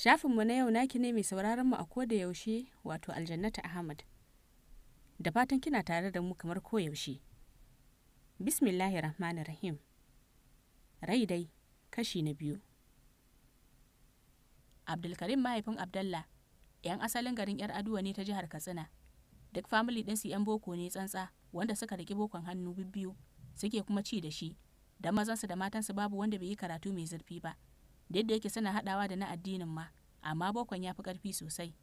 Shafinmu na yau naki ne mai sauraron mu a koda yaushe wato Aljannata Ahmad. Da fatan kina tare da mu kamar koyaushe. rahim Rai dai kashi na biyu. Abdulkarim mahaifin abdalla 'yan asalin garin 'yar aduwa ne ta jihar Katsina. Duk famili ɗinsu 'yan boko ne tsantsa wanda suka riƙi bokon hannu biyu suke kuma ci da shi, da mazansu da matansu babu wanda bai yi karatu mai zurfi ba. da yake suna haɗawa da na addinin ma amma bokon ya fi ƙarfi sosai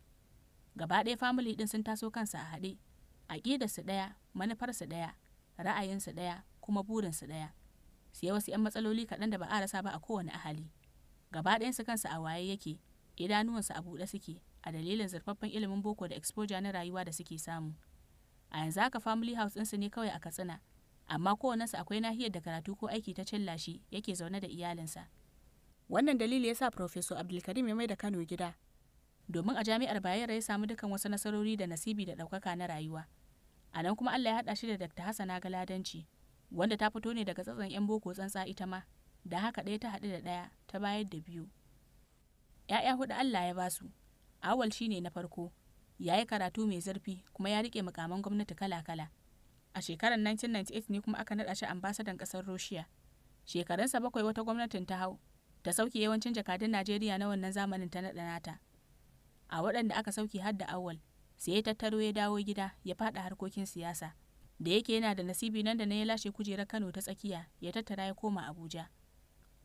gaba ɗaya famili ɗin sun taso kansa a haɗe su ɗaya manufar su ɗaya ra'ayinsu ɗaya kuma burinsu ɗaya sai wasu 'yan matsaloli kaɗan da ba a rasa ba a kowane ahali gaba ɗayansu kansu a waye yake idanuwansu a buɗe suke a dalilin zurfaffen ilimin boko da exposure na rayuwa da suke samu a yanzu haka family house ɗinsu ne kawai a katsina amma kowanne su akwai nahiyar da karatu ko aiki ta cilla yake zaune da iyalinsa wannan dalili ya sa professor abdulkarim ya mai da kano gida domin a jami'ar bayero ya samu dukkan wasu nasarori da nasibi da ɗaukaka na rayuwa a nan kuma allah ya haɗa shi da dr hassana galadanci wanda ta fito ne daga tsatsan 'yan boko tsantsa ita ma da haka ɗaya ta haɗu da ɗaya ta bayar da biyu ‘ya'ya huɗu allah ya basu awal shi ne na farko ya yi karatu mai zurfi kuma ya rike mukaman gwamnati kala-kala a shekarar 1998 ne kuma aka naɗa shi ambasadan ƙasar Roshiya. Shekarunsa bakwai wata gwamnatin ta hau, ta sauke yawancin jakadun Najeriya na wannan zamanin ta naɗa nata. A waɗanda aka sauke har da awal, sai ya tattaro ya dawo gida ya faɗa harkokin siyasa. Da yake yana da nasibi nan da na ya lashe kujerar Kano ta tsakiya ya tattara ya koma Abuja.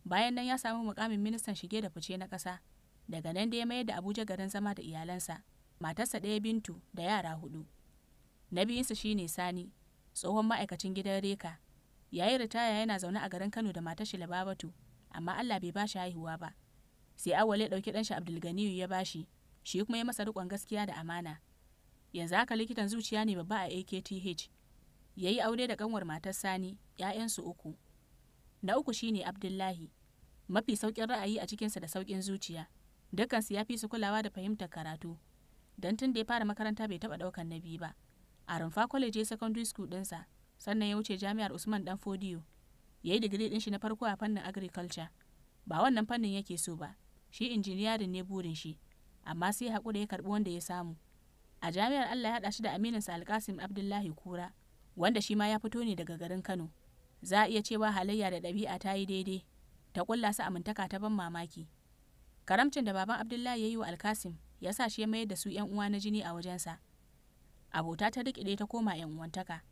Bayan nan ya samu mukamin ministan shige da fice na ƙasa. Daga nan da ya mayar da Abuja garin zama da iyalansa, matarsa ɗaya Bintu da yara hudu. Na biyunsa shine Sani, tsohon ma'aikacin gidan Reka. Yayi ritaya yana zaune a garin Kano da matar shi amma Allah bai shi haihuwa ba sai awwal ya ɗauki ɗanshi Abdulganiyu ya bashi shi kuma ya masa rikon gaskiya da amana yanzu haka likitan zuciya ne babba a AKTH ya yi aure da kanwar matar Sani ‘ya'yansu uku na uku shine Abdullahi mafi sauƙin ra'ayi a cikinsa da sauƙin zuciya dukansu ya fi su kulawa da fahimtar karatu don tun da ya fara makaranta bai taɓa ɗaukan na biyu ba a rumfa kwaleji secondary school ɗinsa sannan ya wuce jami'ar Usman Dan Fodiyo ya yi digiri ɗin shi na farko a fannin agriculture ba wannan fannin yake so ba shi injiniyarin ne burin shi amma sai haƙura ya karɓi wanda ya samu a jami'ar Allah ya haɗa shi da amininsa alkasim abdullahi kura wanda shi ma ya fito ne daga garin kano za a iya cewa halayya da ɗabi'a ta yi daidai ta ƙulla su amintaka ta ban mamaki karamcin da baban abdullahi ya yi wa alkasim ya sa shi ya mayar da su yan uwa na jini a wajensa abota ta rikide ta koma yan uwantaka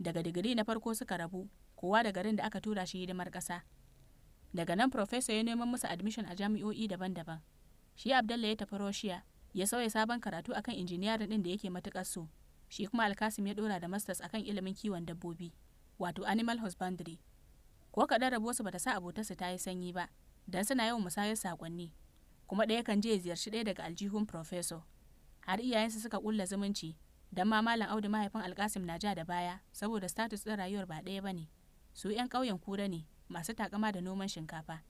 daga digiri na farko suka rabu kowa da garin da aka tura shi hidimar ƙasa daga nan profeso ya neman musu admission a jami'o'i daban-daban shi abdalla ya tafi roshiya ya sauya sabon karatu akan injiniyarin din da yake matukar so shi kuma alkasim ya dora da masters akan ilimin kiwon dabbobi wato animal husbandry ko kaɗan su bata sa abotarsa ta yi sanyi ba don suna yawan musayar sakonni kuma ɗaya kan je ziyarci ɗaya daga aljihun profesa har iyayensa suka ƙulla zumunci don ma malam audu mahaifin alkasim na ja da baya saboda status ɗin rayuwar ba ɗaya ba ne su 'yan ƙauyen kura ne masu takama da noman shinkafa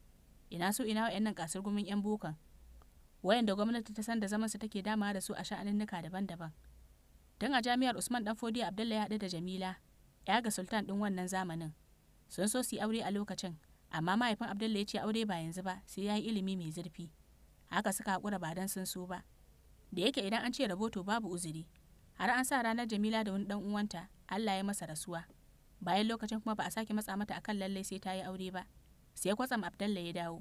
ina so ina nan kasar gumin 'yan bukan wayanda gwamnati ta san da zaman su take dama da su a sha'aninnika daban-daban Tun a jami'ar usman dan Fodi abdullahi ya haɗu da jamila ya ga sultan ɗin wannan zamanin sun so su aure a lokacin amma mahaifin abdullahi ya ce aure ba yanzu ba sai ya yi ilimi mai zurfi haka suka haƙura ba dan sun so ba da yake idan an ce raboto babu uzuri har an sa ranar jamila da wani dan uwanta allah ya masa rasuwa bayan lokacin kuma ba a sake matsa mata akan lalle sai ta yi aure ba sai kwatsam abdalla ya dawo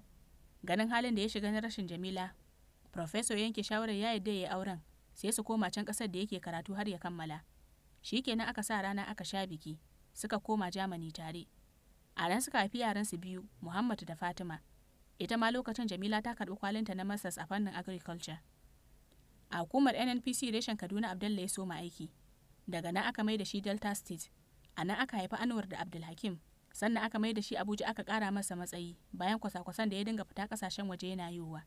ganin halin da ya shiga na rashin jamila professor yanke shawarar ya yadda ya auren sai su koma can kasar da yake karatu har ya kammala Shi shikenan aka sa rana aka sha biki suka koma Germany tare a ran suka haifi yaran su biyu Muhammad da Fatima ita ma lokacin Jamila ta karbi kwalinta na masters a fannin agriculture a hukumar NNPC reshen Kaduna abdalla ya soma aiki daga nan aka mai da shi Delta State a nan aka haifi anwar da abdulhakim sannan aka mai da shi abuja aka kara masa matsayi bayan kwasa-kwasan da ya dinga fita kasashen waje yana yiwuwa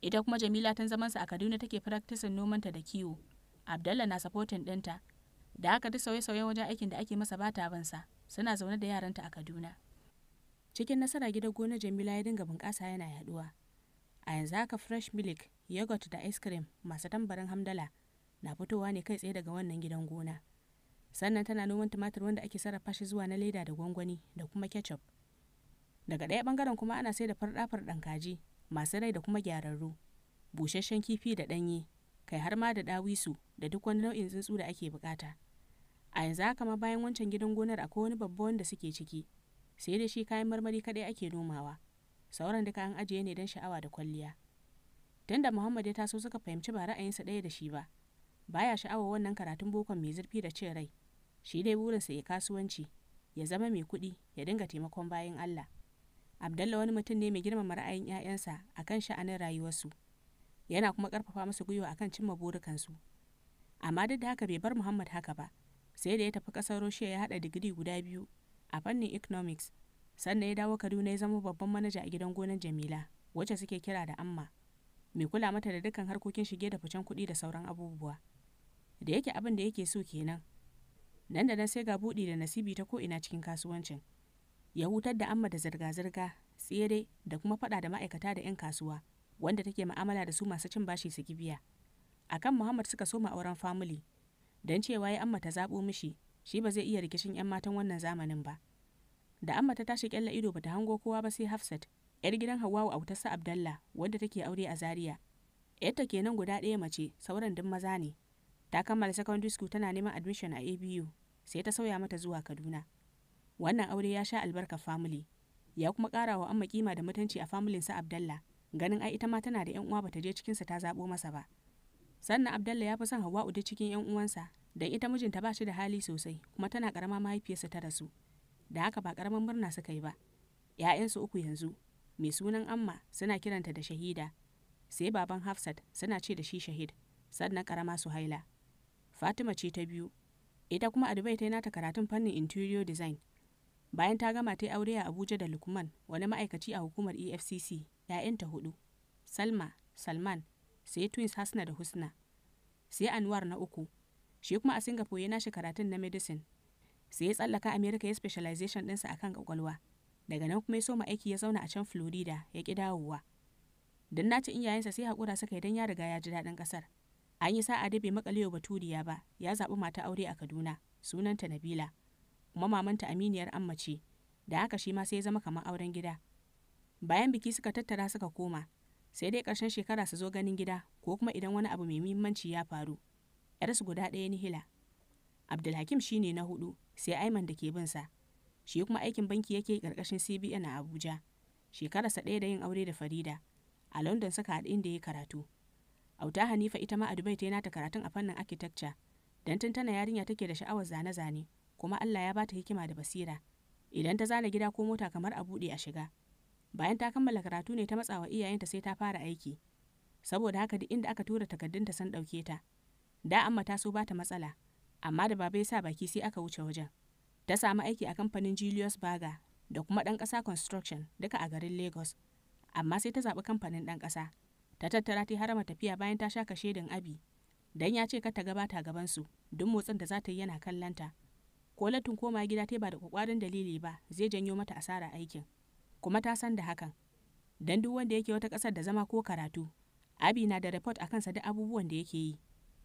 ita kuma jamila tun zaman sa a kaduna take noman nomanta da kiwo abdalla na sapotin dinta, da aka duk sauye-sauye wajen aikin da ake masa bata bansa suna zaune da yaranta a kaduna cikin nasara gidan gona jamila ya dinga bunƙasa yana yaduwa a yanzu haka fresh milk yogurt da ice cream masu tambarin hamdala na fitowa ne kai tsaye daga wannan gidan gona. sannan tana noman tumatir wanda ake sarrafa shi zuwa na leda da gwangwani da kuma ketchup daga ɗaya ɓangaren kuma ana sai da farɗa-farɗan kaji masu rai da kuma gyararru busasshen kifi da ɗanye kai har ma da ɗawisu da duk wani nau'in tsuntsu da ake bukata a yanzu haka ma bayan wancan gidan gonar akwai wani babba wanda suke ciki sai da shi kayan marmari kaɗai ake nomawa sauran duka an ajiye ne don sha'awa da kwalliya da muhammad ya taso suka fahimci ba ra'ayinsa ɗaya da shi ba baya sha'awar wannan karatun bokon mai zurfi da cin rai shi dai burinsa ya kasuwanci ya zama mai kuɗi ya dinga taimakon bayan Allah Abdallah wani mutum ne mai girmama ra'ayin 'ya'yansa kan sha'anin rayuwarsu yana kuma ƙarfafa musu gwiwa a kan cimma burikansu amma duk da haka bai bar Muhammad haka ba sai da ya tafi ƙasar Russia ya haɗa digiri guda biyu a fannin economics sannan ya dawo Kaduna ya zama babban manaja a gidan gonan Jamila wacce suke kira da Amma mai kula mata da dukkan harkokin shige da ficen kuɗi da sauran abubuwa da yake abin da yake so kenan nan da nan sai ga buɗi da nasibi ta ko'ina cikin kasuwancin ya hutar da amma da zirga-zirga tsere da kuma faɗa da ma'aikata da 'yan kasuwa wanda take ma'amala da su masu cin bashi su gibiya kan muhammad suka soma auren famili don cewa ya amma ta zaɓo mishi shi ba zai iya rikicin 'yan matan wannan zamanin ba da amma ta tashi kyalla ido bata hango kowa ba sai hafsat 'yar gidan hawawu autarsa abdallah wanda take aure a zaria 'yarta kenan guda ɗaya mace sauran duk maza ne ta kammala secondary school tana neman admission a ABU sai ta sauya mata zuwa Kaduna. Wannan aure ya sha albarka family ya kuma ƙara wa amma kima da mutunci a familin sa Abdalla ganin ai ita ma tana da ƴan uwa bata je cikin sa ta zabo masa ba. Sannan Abdalla ya fi son Hauwa da cikin ƴan uwansa dan ita mijinta ba shi da hali sosai kuma tana karama mahaifiyarsa ta rasu. Da haka ba karaman murna suka yi ba. ‘Ya'yansu uku yanzu, mai sunan Amma suna kiranta da shahida, sai baban Hafsat suna ce da shi shahid, sannan karama haila. Fatima ce ta biyu, ita kuma Dubai ta yi nata karatun fannin interior design. Bayan ta gama ta yi aure a Abuja da Lukman, wani ma'aikaci a hukumar EFCC, ‘ya'yanta hudu, Salma, Salman, sai twins Hasna da Husna. Sai Anwar na uku, shi kuma a Singapore ya nashi karatun na medicine. Sai ya tsallaka America ya specialization dinsa akan kwakwalwa. Daga nan kuma ya soma aiki ya zauna a can Florida ya ƙi dawowa. Don na in yayinsa sai haƙura saka idan ya riga ya ji daɗin ƙasar. an yi sa'a da bai makalewa baturiya ba ya zaɓi mata aure a kaduna sunanta nabila kuma mamanta aminiyar ammace da haka shi ma sai zama kamar auren gida bayan biki suka tattara suka koma sai dai ƙarshen shekara su zo ganin gida ko kuma idan wani abu mai muhimmanci ya faru yarsu guda ɗaya ni nihila abdulhakim ne na hudu sai aiman da ke bin sa shi kuma aikin banki yake ƙarƙashin cbn a abuja shekararsa ɗaya da yin aure da farida a london suka haɗu inda ya karatu auta hanifa ita ma a dubai ta nata karatun a fannin architecture dan tun tana yarinya take da sha'awar zane-zane kuma allah ya bata hikima da basira idan ta zana gida ko mota kamar a buɗe a shiga bayan ta kammala karatu ne ta matsawa iyayenta sai ta fara aiki saboda haka duk inda aka tura takardunta san ɗauke ta da amma ta so bata matsala amma da baba ya sa baki sai aka wuce wajen ta samu aiki a kamfanin Julius Berger da kuma ɗan ƙasa Construction duka a garin Lagos amma sai ta zaɓi kamfanin ɗan ƙasa ta tattara ta harama tafiya bayan ta kashe shedin abi dan ya ce ta gabata gaban su duk motsin da za ta yi yana kallanta ko latin koma gida ta ba da kwakwarin dalili ba zai janyo mata asara aikin kuma ta san da hakan dan duk wanda yake wata kasar da zama ko karatu abi na da report akan sa da abubuwan da yake yi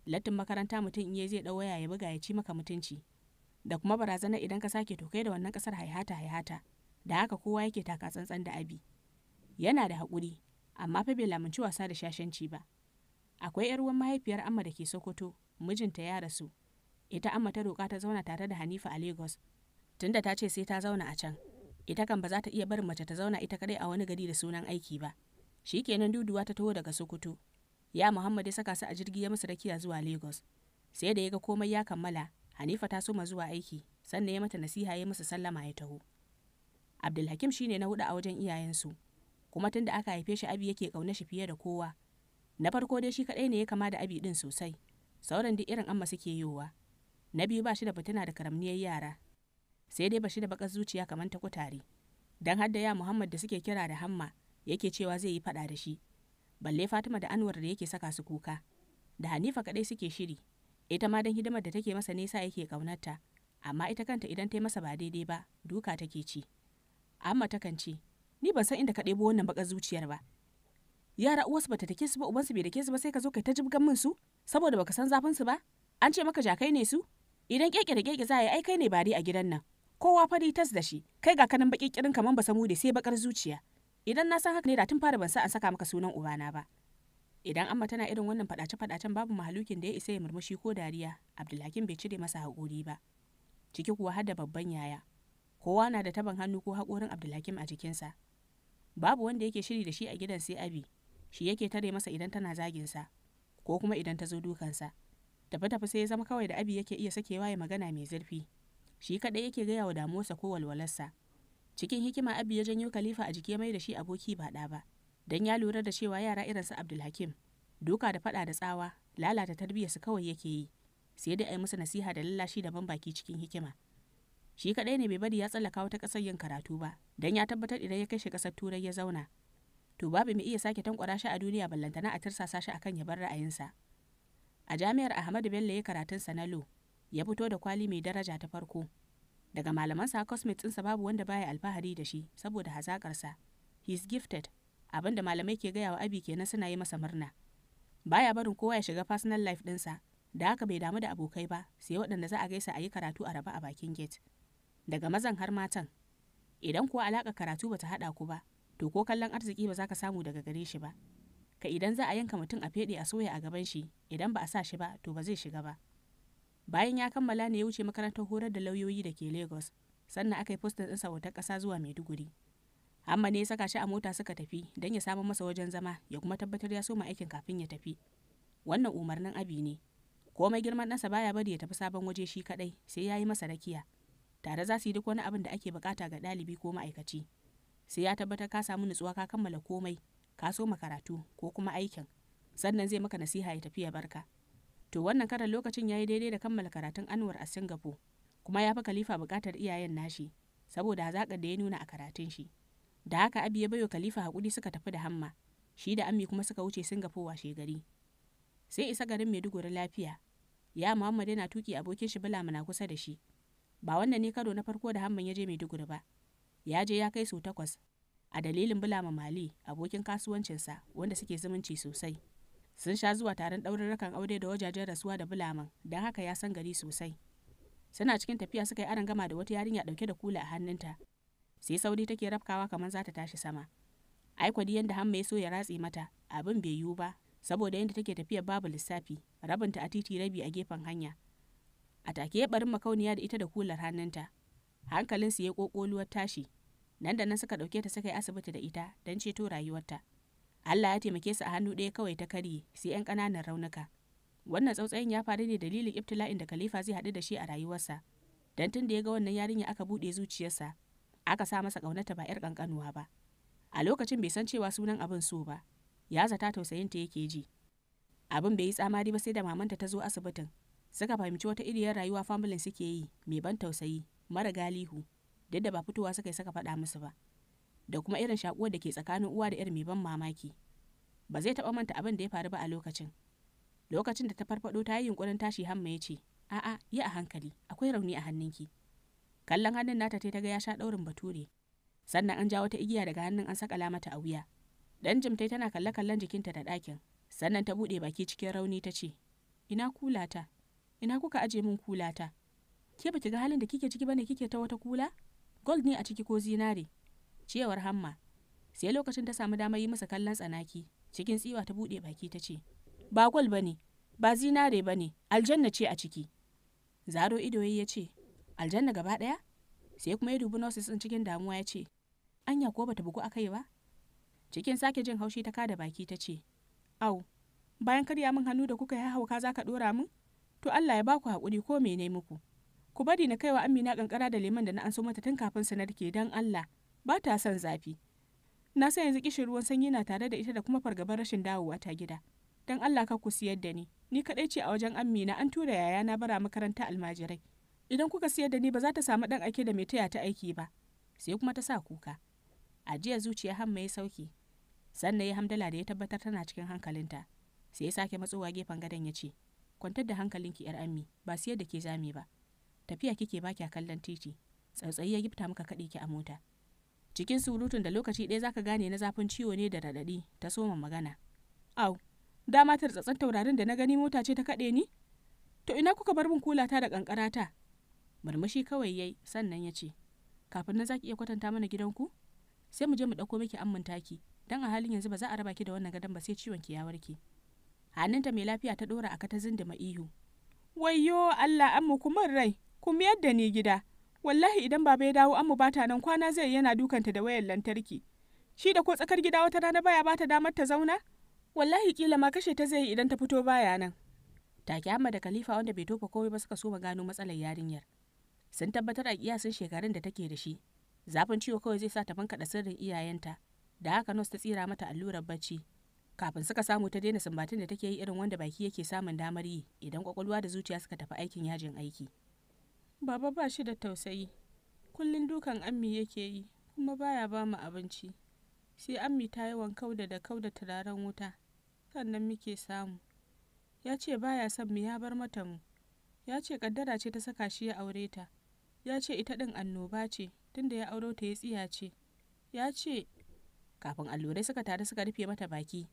latin makaranta mutum in zai dau waya ya buga ya ci maka mutunci da kuma barazana idan ka sake to kai da wannan kasar haihata haihata da haka kowa yake taka tsantsan da abi yana da haƙuri amma fa bai lamunci wasa da shashanci ba. Akwai 'yar uwan mahaifiyar Amma da ke Sokoto, mijinta ya rasu. Ita Amma ta roƙa ta zauna tare da Hanifa a Lagos. Tunda ta ce sai ta zauna a can. Ita kan ba za ta iya barin mace ta zauna ita kadai a wani gari da sunan aiki ba. Shi kenan duduwa ta taho daga Sokoto. Ya Muhammad ya saka su a jirgi ya musu rakiya zuwa Lagos. Sai da ya ga komai ya kammala, Hanifa ta soma zuwa aiki, sannan ya mata nasiha ya musu sallama ya taho. Abdulhakim shine na hudu a wajen iyayensu. kuma tun da aka haife shi abi yake kauna shi fiye da kowa na farko dai shi kadai ne ya kama da abi din sosai sauran duk irin amma suke yowa na biyu ba shi da fitina da karamniyar yara sai dai ba shi da bakar zuciya kamar ta kutare dan hadda ya muhammad da suke kira da hamma yake cewa zai yi faɗa da shi balle fatima da anwar da yake saka su kuka da hanifa kadai suke shiri ita ma dan hidimar da take masa nesa yake ƙaunarta amma ita kanta idan ta yi masa ba daidai ba duka take ci amma takan ce ni ban san inda ka ɗebo wannan baƙar zuciyar ba yara uwarsu bata take su ba ubansu bai dake su ba sai ka zo kai ta jibgan min su saboda baka san zafin su ba an ce maka jakai ne su idan keke da keke za a yi ai kai ne bari a gidan nan kowa fari tas da shi kai ga kanin baki kirin kaman ba samu da sai baƙar zuciya idan na san haka ne da tun fara ban sa an saka maka sunan ubana ba idan amma tana irin wannan fadace fadacen babu mahalukin da ya isa ya murmushi ko dariya abdulhakim bai cire masa haƙuri ba ciki kuwa har da babban yaya kowa na da taban hannu ko haƙorin abdulhakim a jikinsa babu wanda yake shiri da shi a gidan sai abi shi yake tare masa idan tana zagin sa ko kuma idan ta zo dukansa tafi tafi sai ya zama kawai da abi yake iya sakewa ya magana mai zurfi shi kadai yake gaya wa damuwarsa ko walwalarsa cikin hikima abi ya janyo khalifa a jike mai da shi aboki ba ɗa ba dan ya lura da cewa yara irin su abdulhakim duka da fada da tsawa lalata tarbiyyarsu kawai yake yi sai dai a yi musu nasiha da lallashi da ban baki cikin hikima shi kaɗai ne bai bari ya tsallaka wata ƙasar yin karatu ba don ya tabbatar idan ya kai shi ƙasar turai ya zauna to babu mai iya sake tankwara shi a duniya ballantana a tirsasa shi akan ya bar ra'ayinsa a jami'ar ahmadu bello ya karatun sa na lo ya fito da kwali mai daraja ta farko daga malamansa cosmet ɗinsa babu wanda baya alfahari da shi saboda hazaƙarsa he's gifted abin da malamai ke gaya wa abi kenan suna yi masa murna baya barin kowa ya shiga personal life ɗinsa da haka bai damu da abokai ba sai waɗanda za a gaisa a yi karatu a raba a bakin gate daga mazan har matan idan kuwa alaƙa karatu bata haɗa ku ba to ko kallon arziki ba za ka samu daga gare shi ba ka idan za a yanka mutum a feɗe a soya a gaban shi idan ba a sa shi ba to ba zai shiga ba bayan ya kammala ne ya wuce makarantar horar da lauyoyi da ke lagos sannan aka yi fostar ɗinsa wata ƙasa zuwa maiduguri amma ne ya saka shi a mota suka tafi don ya samu masa wajen zama ya kuma tabbatar ya soma aikin kafin ya tafi wannan umarnin abi ne komai girman ɗansa baya bari ya tafi sabon waje shi kaɗai sai ya yi masa rakiya tare za su yi duk wani abin da ake bukata ga ɗalibi ko ma'aikaci sai ya tabbatar ka samu nutsuwa ka kammala komai ka so karatu ko kuma aikin sannan zai maka nasiha ya tafi ya barka to wannan karan lokacin ya yi daidai da kammala karatun anwar a singapore kuma ya fi khalifa bukatar iyayen nashi saboda hazaƙar da ya nuna a karatun shi da haka abi ya baiwa khalifa hakuri suka tafi da hamma shi da ammi kuma suka wuce singapore washe gari sai isa garin maiduguri lafiya ya muhammad yana tuki abokin shi bala muna kusa da shi ba wannan ne karo na farko da hamman ya je duguri ba ya je ya kai su takwas a dalilin bulama mali abokin kasuwancinsa wanda suke zumunci sosai sun sha zuwa taron ɗaurin rakan aure da wajajen rasuwa da bulaman don haka ya san gari sosai suna cikin tafiya suka yi aron gama da wata yarinya ɗauke da kula a hannunta sai sauri take rafkawa kamar za ta tashi sama ai kwadi yadda hamma ya so ya ratse mata abin bai yiwu ba saboda yadda take tafiya babu lissafi rabinta a titi rabi a gefen hanya a take ya barin makauniya da ita da kular hannunta su ya kokoluwar tashi nan da nan suka ɗauke ta suka yi asibiti da ita don ceto rayuwarta Allah ya taimake su a hannu ɗaya kawai ta karye sai 'yan ƙananan raunuka wannan tsautsayin ya faru ne dalilin ibtila'in da khalifa zai haɗu da shi a rayuwarsa don tun da ya ga wannan yarinya aka buɗe zuciyarsa aka sa masa ƙaunata ba 'yar ƙanƙanuwa ba a lokacin bai san cewa sunan abin so ba ya zata tausayinta yake ji abin bai yi tsamari ba sai da mamanta ta zo asibitin suka fahimci wata iriyar rayuwa famulin suke yi mai ban tausayi mara galihu duk da ba fitowa suka yi saka faɗa musu ba da kuma irin shakuwar da ke tsakanin uwa da yar mai ban mamaki ba zai taɓa manta abin da ya faru ba a lokacin lokacin da ta farfado ta yi yunkurin tashi hamma ya ce a'a yi a hankali akwai rauni a hannunki kallon hannun nata ta ga ya sha ɗaurin bature sannan an ja wata igiya daga hannun an sakala mata a wuya dan jimtai tana kalle kallen jikinta da ɗakin sannan ta buɗe baki cikin rauni ta ce ina kula ta ina kuka aje min ta? ke baki ga halin da kike ciki bane kike ta wata kula gold ne a ciki ko zinare cewar hamma sai lokacin ta samu damar yi masa kallon tsanaki cikin tsiwa ta bude baki ta ce ba gold bane ba zinare bane aljanna ce a ciki zaro ido yayi ya ce aljanna gaba ɗaya sai kuma ya dubi nurses din cikin damuwa ya ce anya ko bata bugu akai ba cikin sake jin haushi ta kada baki ta ce au bayan karya min hannu da kuka ya hauka zaka ka ɗora min to Allah ya baku haƙuri ko mene muku ku bari na kaiwa Amina kankara da lemon da na anso mata tun kafin sanar ke, dan Allah ba ta son zafi na san yanzu kishin ruwan sanyi na tare da ita da kuma fargabar rashin dawowa ta gida dan Allah ka ku siyar da ni ni kadai ce a wajen Amina an tura yaya na bara makaranta almajirai idan kuka siyar da ni ba za ta samu dan ake da mai taya ta aiki ba sai kuma ta sa kuka ajiya zuciya hamma ya sauki sannan ya hamdala da ya tabbatar tana cikin hankalinta sai ya sake matsowa gefen gadon ya ce kwantar da hankalinki yar ammi ba siyar da ke zame ba tafiya kike ba kya kallon titi tsautsayi ya gifta maka kaɗe ki a mota cikin surutun da lokaci ɗaya zaka gane na zafin ciwo ne da raɗaɗi ta soma magana au dama ta tsatsan taurarin da na gani mota ce ta kaɗe ni to ina kuka bar min kulata da ta murmushi kawai yayi sannan ya ce kafin na zaki iya kwatanta mana gidanku sai mu je mu ɗauko miki amintaki. taki dan a halin yanzu ba za a raba ki da wannan gadon ba sai ciwon ki ya warke ta mai lafiya ta ɗora a ta ma ihu wayyo allah amma kuma rai ku miyar ni gida wallahi idan baba ya dawo amma bata nan kwana zai yana dukanta da wayar lantarki shi da ko tsakar gida wata rana baya bata damar ta zauna wallahi kila ma kashe ta zai idan ta fito baya nan take amma da kalifa wanda bai tofa komai ba suka so gano matsalar yarinyar sun tabbatar a kiyasin shekarun da take da shi zafin ciwo kawai zai sa ta bankaɗa sirrin iyayenta da haka nos ta tsira mata allurar bacci kafin suka samu ta daina sumbatun da take yi irin wanda baki yake samun damar yi idan kwakwalwa da zuciya suka tafi aikin yajin aiki baba ba shi da tausayi kullum dukan ammi yake yi kuma baya ba mu abinci sai ammi ta yi Kauda da kauda turaren wuta sannan muke samu ya ce baya son mu ya bar mata mu ya ce kaddara ce ta saka shi ya aure ta ya ce ita din annoba ce tunda ya auro ta ya tsiya ce ya ce kafin allurai suka tare suka rufe mata baki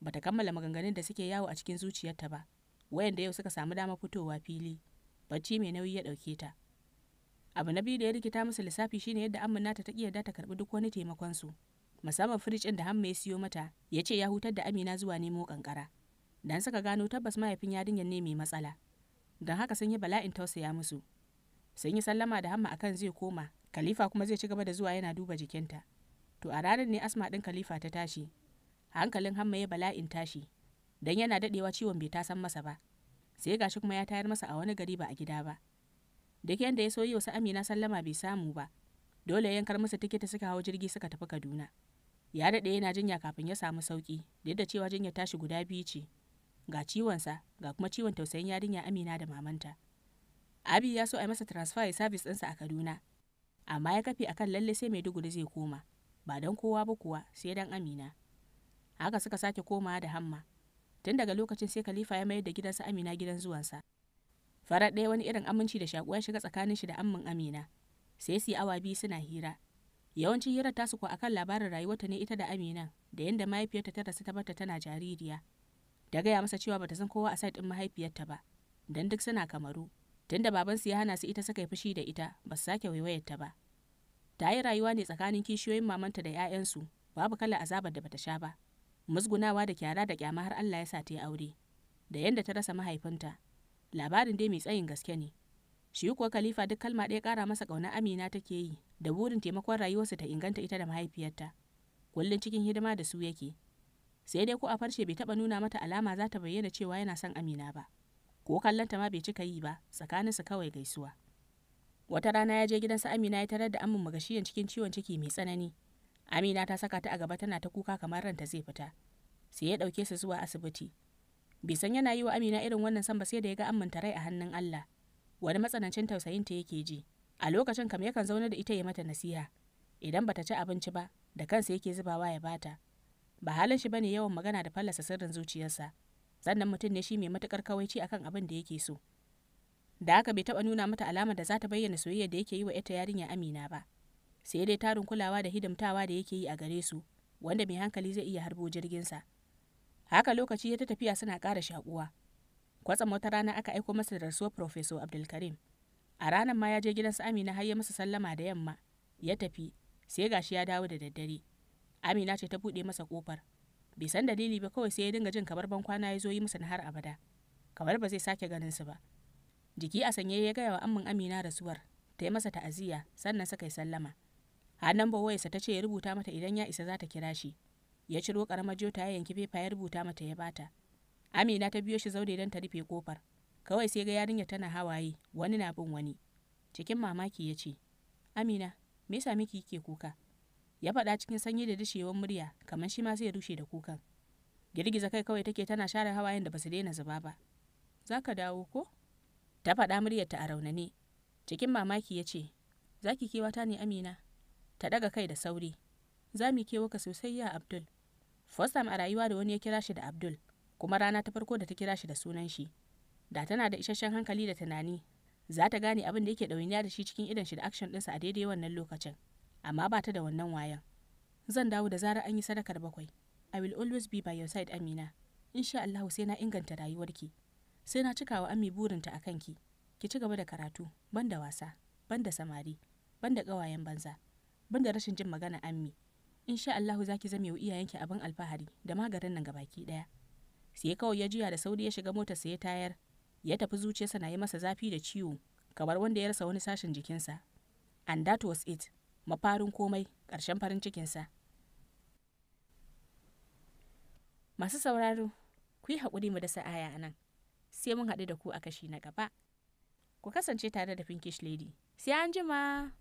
bata kammala maganganun da suke yawo a cikin zuciyarta ba wayanda yau suka samu dama fitowa fili bacci mai nauyi ya ɗauke ta abu na biyu da ya rikita musu lissafi shine yadda amina ta ƙi yarda ta karɓi duk wani taimakon su musamman firicin da hamma ya siyo mata ya ce ya hutar da amina zuwa nemo kankara dan suka gano tabbas mahaifin yarinyar ne mai matsala don haka sun yi bala'in tausaya musu sun yi sallama da hamma akan zai koma khalifa kuma zai ci gaba da zuwa yana duba jikinta to a ranar ne asma ɗin khalifa ta tashi hankalin hamma ya bala'in tashi dan yana dadewa ciwon bai ta san masa ba sai gashi kuma ya tayar masa a wani gari ba a gida ba duk yadda ya so yi wasu amina sallama bai samu ba dole yankar masa tikiti suka hau jirgi suka tafi kaduna ya daɗe yana jinya kafin ya samu sauki duk da cewa jinya tashi guda biyu ce ga ciwonsa ga kuma ciwon tausayin yarinya amina da mamanta abi ya so a masa transfer ya sabis ɗinsa a kaduna amma ya kafe akan lalle sai mai maiduguri zai koma ba don kowa ba kuwa sai don amina haka suka sake komawa da hamma tun daga lokacin sai khalifa ya mayar da gidansa amina gidan zuwansa farar ɗaya wani irin aminci da shaƙuwa ya shiga tsakanin shi da ammin amina sai su yi awa biyu suna hira yawancin hirar tasu kuwa akan labarin rayuwarta ne ita da amina da yadda mahaifiyarta ta rasu ta barta tana jaririya da gaya masa cewa bata san kowa a sait din mahaifiyarta ba dan duk suna kamaru tunda babansu ya hana su ita suka yi fushi da ita ba su sake waiwayarta ba ta yi rayuwa ne tsakanin kishiyoyin mamanta da 'ya'yansu babu kala azabar da bata sha ba musgunawa da kyara da kyama har Allah ya sa ta yi aure da yadda ta rasa mahaifinta labarin dai mai tsayin gaske ne shi kuwa khalifa duk kalma ɗaya kara masa kauna amina take yi da burin taimakon rayuwarsa ta inganta ita da mahaifiyarta kullum cikin hidima da su yake sai dai ko a farce bai taɓa nuna mata alama za ta bayyana cewa yana son amina ba ko kallonta ma bai cika yi ba tsakanin su kawai gaisuwa wata rana ya je gidansa amina ya tarar da amin magashiyan cikin ciwon ciki mai tsanani Amina ta saka ta a gaba tana ta kuka kamar ranta zai fita. Sai ya dauke su zuwa asibiti. Bisan yana yi wa Amina irin wannan san ba sai da ya ga manta rai a hannun Allah. Wani matsanancin ta yake ji. A lokacin kam yakan zauna da ita ya mata nasiha. Idan bata ci abinci ba, da kansa yake zubawa ya bata. Ba halin shi bane yawan magana da fallasa sirrin zuciyarsa. Sannan mutum ne shi mai matukar kawaici akan abin da yake so. Da haka bai taɓa nuna mata alamar da za ta bayyana soyayya da yake yi wa ita yarinya Amina ba. sai dai tarin kulawa da hidimtawa da yake yi a gare su wanda mai hankali zai iya harbo jirgin sa. haka lokaci ya ta tafiya suna ƙara shakuwa kwatsam wata rana aka aiko masa da rasuwar professor abdulkarim a ranar ma ya je gidan su amina har ya masa sallama da yamma ya tafi sai gashi ya dawo da daddare amina ce ta buɗe masa kofar bai san dalili ba kawai sai ya dinga jin kamar ban kwana ya zo yi masa na har abada kamar ba zai sake ganin su ba jiki a sanye ya gaya wa ammin amina rasuwar ta yi masa ta'aziyya sannan suka yi sallama Hannan lambar wayarsa ta ce ya rubuta mata idan ya isa za ta kira shi ya ciro karamar jota ya yanki fefa ya rubuta mata ya bata amina ta biyo shi zaure don ta rufe kofar kawai sai ga yarinyar tana hawaye wani na bin wani cikin mamaki ya ce amina me yasa miki yake kuka ya faɗa cikin sanyi da dushewar murya kamar shi ma zai rushe da kukan girgiza kai kawai take tana share hawayen da basu daina zuba ba za ka dawo ko ta faɗa muryarta a raunane cikin mamaki ya ce za ki kewata ne amina ta daga kai da sauri za mu kewa ka sosai ya abdul first time a rayuwa da wani ya kira shi da abdul kuma rana ta farko da ta kira shi da sunan shi da tana da isasshen hankali da tunani za ta gane abin da yake ɗawainiya da shi cikin idan shi da action ɗinsa a daidai wannan lokacin amma ba ta da wannan wayan zan dawo da zarar an yi sadakar bakwai i will always be by your side amina insha Allah sai na inganta rayuwarki sai na cika cikawa ami burinta akan ki ki ci gaba da karatu banda wasa banda samari banda ƙawayen banza da rashin jin magana ammi insha Allahu zaki zame wa iyayenki abin alfahari da maganin nan gabaki daya sai kawai ya juya da sauri ya shiga sai ya tayar ya tafi zuciyarsa na yi masa zafi da ciwo kamar wanda ya rasa wani sashin jikinsa and that was it mafarin komai karshen farin cikinsa masu sauraro ku yi haƙuri mu da sa'aya a nan sai mun haɗu da ku a kashi na gaba ku kasance tare da pinkish lady sai an jima